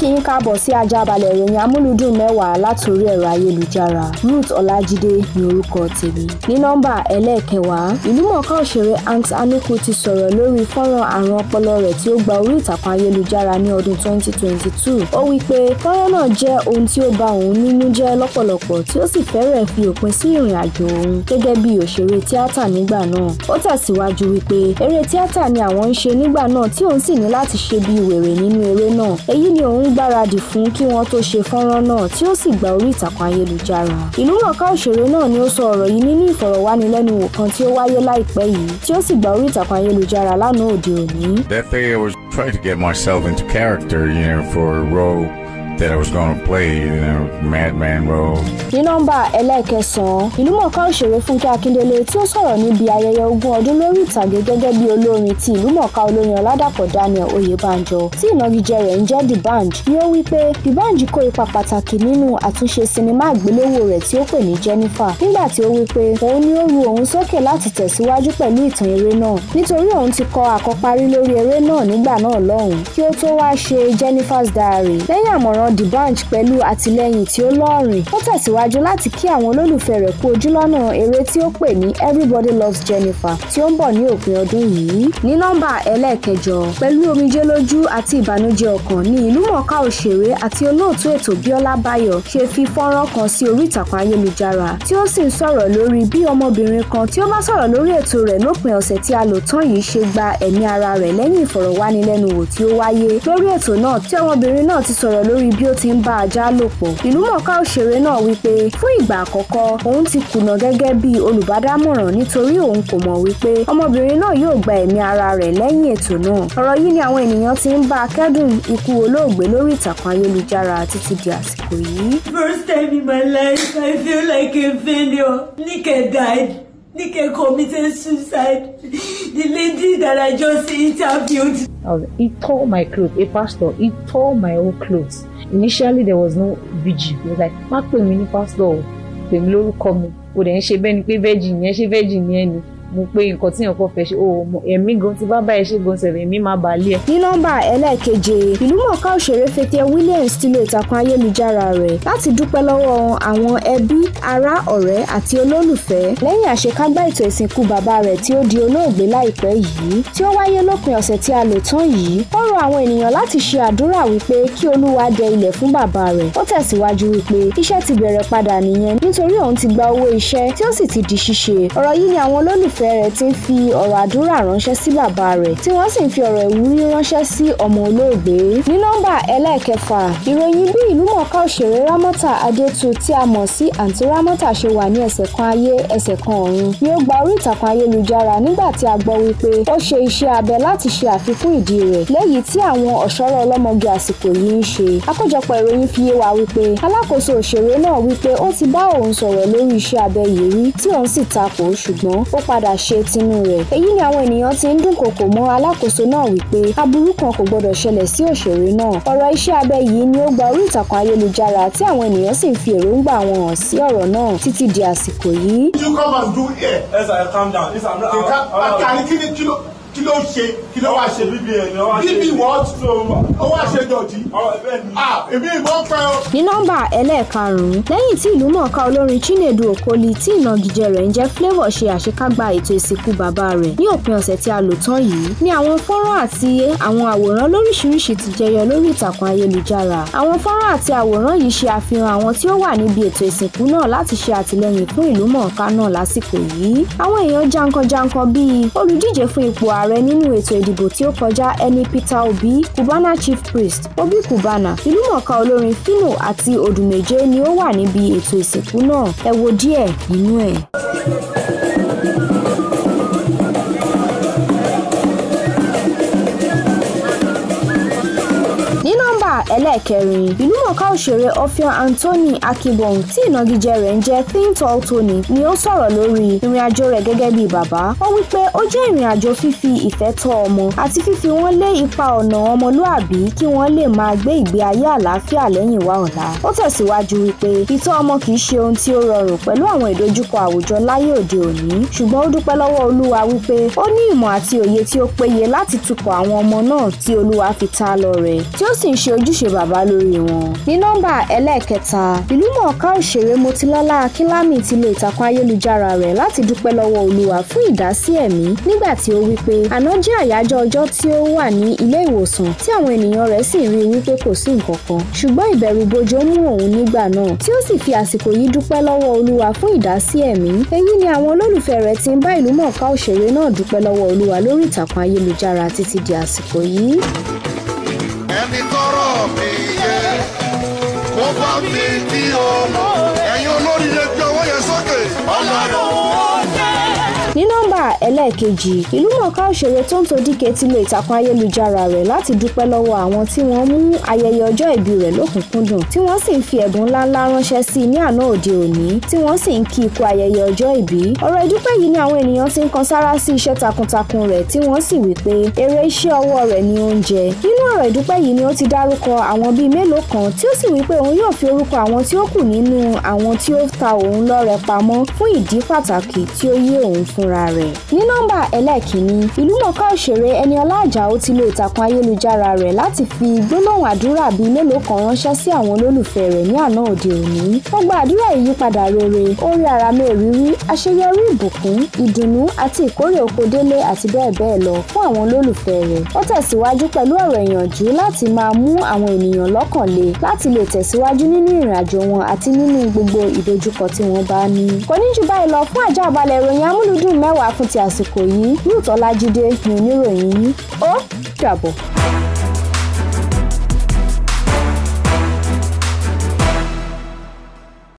kí yín káàbọ̀ sí ajábalẹ̀ ìròyìn amúlùdùn mẹ́wàá látòrí ẹ̀rọ ayélujára Ruth Ọlájídé ní orúkọ tèmi. ní nọ́mbà ẹlẹ́ẹ̀kẹwàá ìlúmọ̀ọ́ká òṣèré Hanks Anuku ti sọ̀rọ̀ lórí fọ́nrán àrùn ọpọlọ rẹ̀ tí ó gba orí ìtàkùn ayélujára ní ọdún 2022. ó wí pé fọ́nrán náà jẹ́ ohun tí ó bà òun nínú jẹ́ lọ́pọ̀lọpọ̀ tí ó sì fẹ́rẹ̀ fi òpin sí ìrìn àjò òun gẹ́gẹ́ bí òṣèré tíátà nígbà náà. ó tẹ̀síwájú wípé eré tíátà ni àwọn ń ṣe nígbà náà tí òun sì ní láti ṣe bí wèrè nínú eré náà èyí ni òun gbáradì fún kí wọ́n tó ṣe fọ́nrán náà tí ó sì gba orí ìtàkùn ayélujára. ìlúmọ̀ọ́ká òṣèré náà ni ó sọ ọ̀rọ̀ yìí nínú ìfọ̀rọ̀wánilẹ́nuwò kan tí ó wáyé láìpẹ́ yìí tí ó sì gba orí ìtàkùn ayélujára lánàá òde òní. That day I was trying to get myself into character, you know, for a role that I was going to play, in a Madman Rose. ní nọ́mbà ẹlẹ́ẹ̀kẹsàn-án ìlúmọ̀ọ́ká òṣèré Fúnkẹ́ Akíndélé tí ó sọ̀rọ̀ níbi ayẹyẹ ogún ọdún lórí ìtàgé gẹ́gẹ́ bí olórin ti ìlúmọ̀ọ́ká olórin Ọládàpọ̀ Daniel Oyèbánjọ tí ìnagijẹ rẹ̀ ń jẹ́ D'banj ni ó wí pé D'banj kó ipa pàtàkì nínú àtúnṣe sinimá àgbéléwò rẹ̀ tí ó pè ní Jennifer nígbà tí ó wí pé òun ni ó ru òun sókè láti tẹ̀síwájú pẹ̀lú ìtàn eré náà nítorí òun ti kọ àkọ́parí lórí eré náà nígbà náà lọ́hùn-ún kí ó tó wá ṣe Jennifer's Diary lẹ́yìn àmọ̀ràn The Bunch pẹ̀lú àtìlẹ́yìn tí ó lọ́ọ̀rìn ó tẹ̀síwájú láti kí àwọn olólùfẹ́ rẹ̀ kú ojúlọ́nà eré tí ó pè ní Everybody Loves Jennifer tí ó ń bọ̀ ní òpin ọdún yìí ní nọ́mbà ẹlẹ́ẹ̀kẹjọ pẹ̀lú omijé lójú àti ìbànújẹ́ ọkàn ni ìlúmọ̀ọ́ká òṣèré àti olóòtú ètò Bíọ́lá Báyọ̀ ṣe fi fọ́nrán kan sí orí ìtàkùn ayélujára tí ó sì ń sọ̀rọ̀ lórí bí ọmọbìnrin kan tí ó bá sọ̀rọ̀ lórí ètò rẹ̀ lópin ọ̀sẹ̀ tí a lò tán yìí ṣe gba ẹ̀mí ara rẹ̀ lẹ́yìn ìfọ̀rọ̀wánilẹ́nuwò tí ó wáyé lórí ètò náà tí ọmọbìnrin náà ti sọ̀rọ̀ lórí bí ó ti ń bá ajá lò pọ̀ ìlúmọ̀ọ́ká òṣèré náà wípé fún ìgbà àkọ́kọ́ òun ti kùnà gẹ́gẹ́ bí olùbádámọ̀ràn nítorí òun kò mọ̀ wípé ọmọbìnrin náà yóò gba ẹ̀mí ara rẹ̀ lẹ́yìn ètò náà ọ̀rọ̀ yìí ni àwọn ènìyàn ti ń bá a kẹ́dùn ikú olóògbé lórí ìtàkùn ayélujára títí di àsìkò yìí. First time in my life I feel like a failure. Nike died. Nike committed suicide. The lady that I just interviewed. He tore my clothes. A pastor, he tore my own clothes initially there was no vigil he was like má pè mí ní pásítọ̀ o pè mí lórúkọ mi o dẹ̀ ń ṣe bẹ́ẹ̀ ni pé virgin yẹn ṣe virgin yẹn ni mo pé nǹkan tí nǹkan fẹ́ ṣe o ẹ̀mí gan ti bá báyìí ṣe gan sẹ̀rẹ̀ ẹ̀mí máa bà á lé ẹ̀. ní nọ́mbà ẹlẹ́ẹ̀keje ìlúmọ̀ọ́ká òṣèré Fathia Williams ti lo ìtàkùn ayélujára rẹ̀ láti dúpẹ́ lọ́wọ́ àwọn ẹbí ará ọ̀rẹ́ àti olólùfẹ́ lẹ́yìn àṣekágbá ètò ìsìnkú bàbá rẹ̀ tí ó di olóògbé láìpẹ́ yìí tí ó wáyé lópin ọ̀sẹ̀ tí a lò tán yìí ó rọ àwọn ènìyàn láti ṣe àdúrà wípé kí olúwa dẹ ilẹ̀ fún bàbá rẹ̀ ó tẹ̀síwájú wípé iṣẹ́ ti bẹ̀rẹ̀ padà nìyẹn nítorí òun ti gba owó iṣẹ́ tí ó sì ti di ṣíṣe ọ̀rọ̀ yìí ni àwọn olólùf ìtẹ́ rẹ̀ ti ń fi ọ̀rọ̀ àdúrà ránṣẹ́ sí bàbá rẹ̀ tí wọ́n sì ń fi ọ̀rọ̀ ìwúrí ránṣẹ́ sí ọmọ olóògbé. ní nọ́mbà ẹlẹ́ẹ̀kẹfà ìròyìn bí ìlúmọ̀ọ́ká òṣèré Rámọ́tà Adétù tí a mọ̀ sí àǹtí Rámọ́tà ṣe wà ní ẹsẹ̀ kan ayé ẹsẹ̀ kan ọ̀run ni ó gba orí ìtàkùn ayélujára nígbà tí a gbọ́ wípé ó ṣe iṣẹ́ abẹ láti ṣe àfikún ìdí rẹ̀ léyìí tí àwọn ọ̀ṣọ́rọ̀ ọlọ́mọge àsìkò yìí ń ṣe. àkójọpọ̀ ìròyìn fi yé wa wípé alákòóso òṣèré náà wípé ó ti bá òun sọ̀rọ̀ lórí iṣẹ́ abẹ yìí rí tí òun sì takò ṣùgbọ́n ó padà àṣẹ tinú rẹ̀ èyí ni àwọn ènìyàn ti ń dúnkokò mọ́ alákòóso náà wípé aburú kan kò gbọdọ̀ ṣẹlẹ̀ sí òṣèré náà ọ̀rọ̀ iṣẹ́ abẹ yìí ni ó gba orí ìtàkùn ayélujára tí àwọn ènìyàn sì ń fi èròǹgbà wọn hàn sí ọ̀rọ̀ náà títí di àsìkò yìí. you come and do here. ẹ sà calm down. ẹ sà calm down. kí ló ṣe kí ló wá ṣe bíbí ẹ̀ ló wá ṣe bíbí wọ́n ó wá ṣe dọ̀tí. Ah, èmi ìbọn pẹ́ o. ní nọ́mbà ẹlẹ́ẹ̀karùn-ún lẹ́yìn tí ìlú mọ̀ọ́ká olórin Chinedu Okoli tí ìnagijẹ rẹ̀ ń jẹ́ Flavour ṣe àṣekágbá ètò ìsìnkú bàbá rẹ̀ ní òpin ọ̀sẹ̀ tí a lò tán yìí ni àwọn fọ́nrán àti àwọn àwòrán lóríṣiríṣi ti jẹyọ lórí ìtàkùn ayélujára àwọn fọ́nrán àti àwòrán yìí ṣe àfihàn àwọn tí ó wà níbi ètò ìsìnkú náà láti ṣe àtìlẹ́yìn fún ìlú mọ̀ọ́ká náà lásìkò yìí àwọn èèyàn jankan jankan bíi olùdíje fún ipò ààrẹ nínú ètò ìdìbò tí ó kọjá ẹni Peter Obi Cubana Chief Priest Obi Cubana ìlúmọ̀ọ́ká olórin Fino àti Odùmẹ̀jẹ ni ó wà níbi ètò ìsìnkú náà ẹ wo díẹ̀ nínú ẹ̀. ẹlẹ́ẹ̀kẹrin ìlúmọ̀ọ́ká òṣèré Ọ̀fíà Anthony Akibong tí ìnagijẹ rẹ̀ ń jẹ́ Think Tall Tony ni ó sọ̀rọ̀ lórí ìrìn àjò rẹ̀ gẹ́gẹ́ bí bàbá ó wí pé ó jẹ́ ìrìn àjò fífi ìfẹ́ tọ́ ọmọ àti fífi wọ́n lé ipa ọ̀nà ọmọlúàbí kí wọ́n lè máa gbé ìgbé ayé àlàáfíà lẹ́yìn wa ọ̀la ó tẹ̀síwájú wípé ìtọ́ ọmọ kì í ṣe ohun tí ó rọrùn pẹ̀lú àwọn ìdojúkọ àwùjọ láyé òde òní ṣùgbọ́n ó dúpẹ́ lọ́wọ́ Olúwa wípé ó ní ìmọ̀ àti òye tí ó péye láti tukọ̀ àwọn ọmọ náà tí Olúwa fi ta lọ́rẹ tí ó sì ń ṣe ojú ojúṣe bàbá lórí wọn. ní nọ́mbà ẹlẹ́ẹ̀kẹta ìlúmọ̀ọ́ká òṣèré Motilọ́lá Akílámì ti lo ìtàkùn ayélujára rẹ̀ láti dúpẹ́ lọ́wọ́ Olúwa fún ìdásí ẹ̀mí nígbà tí ó wí pé àná jẹ́ àyájọ́ ọjọ́ tí ó wà ní ilé ìwòsàn tí àwọn ènìyàn rẹ̀ sì rí wípé kò sí nǹkan kan ṣùgbọ́n ìbẹ̀rùbojo mú òun nígbà náà tí ó sì fi àsìkò yìí dúpẹ́ lọ́wọ́ Olúwa fún ìdásí ẹ̀mí èyí ni àwọn olólùfẹ́ rẹ̀ ti ń bá ìlúmọ̀ọ́ká òṣèré náà dúpẹ́ lọ́wọ́ Olúwa lórí ìtàkùn ayélujára títí di àsìkò yìí. ọba mi kí o. ẹ̀yin olórí yẹn gbé ọwọ́ yẹn sókè. ọlọ́run ẹlẹ́ẹ̀kejì ìlúmọ̀ọ́ká òṣèré Tonto Dike ti lo ìtàkùn ayélujára rẹ̀ láti dúpẹ́ lọ́wọ́ àwọn tí wọ́n mú ayẹyẹ ọjọ́ ìbí rẹ̀ lókùnkúndùn tí wọ́n sì ń fi ẹ̀bùn ńláńlá ránṣẹ́ sí i ní àná òde òní tí wọ́n sì ń kí ikú ayẹyẹ ọjọ́ ìbí ọ̀rọ̀ ìdúpẹ́ yìí ni àwọn ènìyàn ti ń kan sára sí iṣẹ́ takuntakun rẹ̀ tí wọ́n sì wí ni oúnjẹ nínú ọ̀rọ̀ ìdúpẹ́ yìí ni ó ti dárúkọ àwọn bíi mélòó kan tí ó sì wí pé òun yóò fi orúkọ àwọn tí ó kù nínú àwọn tí ó ta òun lọ́rẹ pamọ́ fún ìdí pàtàkì tí ó yé ní nọ́mbà ẹlẹ́ẹ̀kínní ìlúmọ̀ọ́ká òṣèré Ẹniọlá Àjàó ti lo ìtàkùn ayélujára rẹ̀ láti fi gbólóhùn àdúrà bíi mélòó kan ránṣẹ́ sí àwọn olólùfẹ́ rẹ̀ ní àná òde òní ó gba àdúrà ìyípadà rere orí ara mi òrírí àṣeyọrí ìbùkún ìdùnnú àti ìkórè oko délé àti bẹ́ẹ̀ bẹ́ẹ̀ lọ fún àwọn olólùfẹ́ rẹ̀ ó tẹ̀síwájú pẹ̀lú ọ̀rọ̀ ìyànjú láti le láti lè tẹ̀síwájú nínú ìrìn àjò wọn àti nínú gbogbo ìdojúkọ tí wọ́n bá ní kò ní jù báyìí lọ fún àjàbalẹ̀ àsìkò yìí Ruth Ọlájídé ni oníròyìn yín ó dàbọ̀.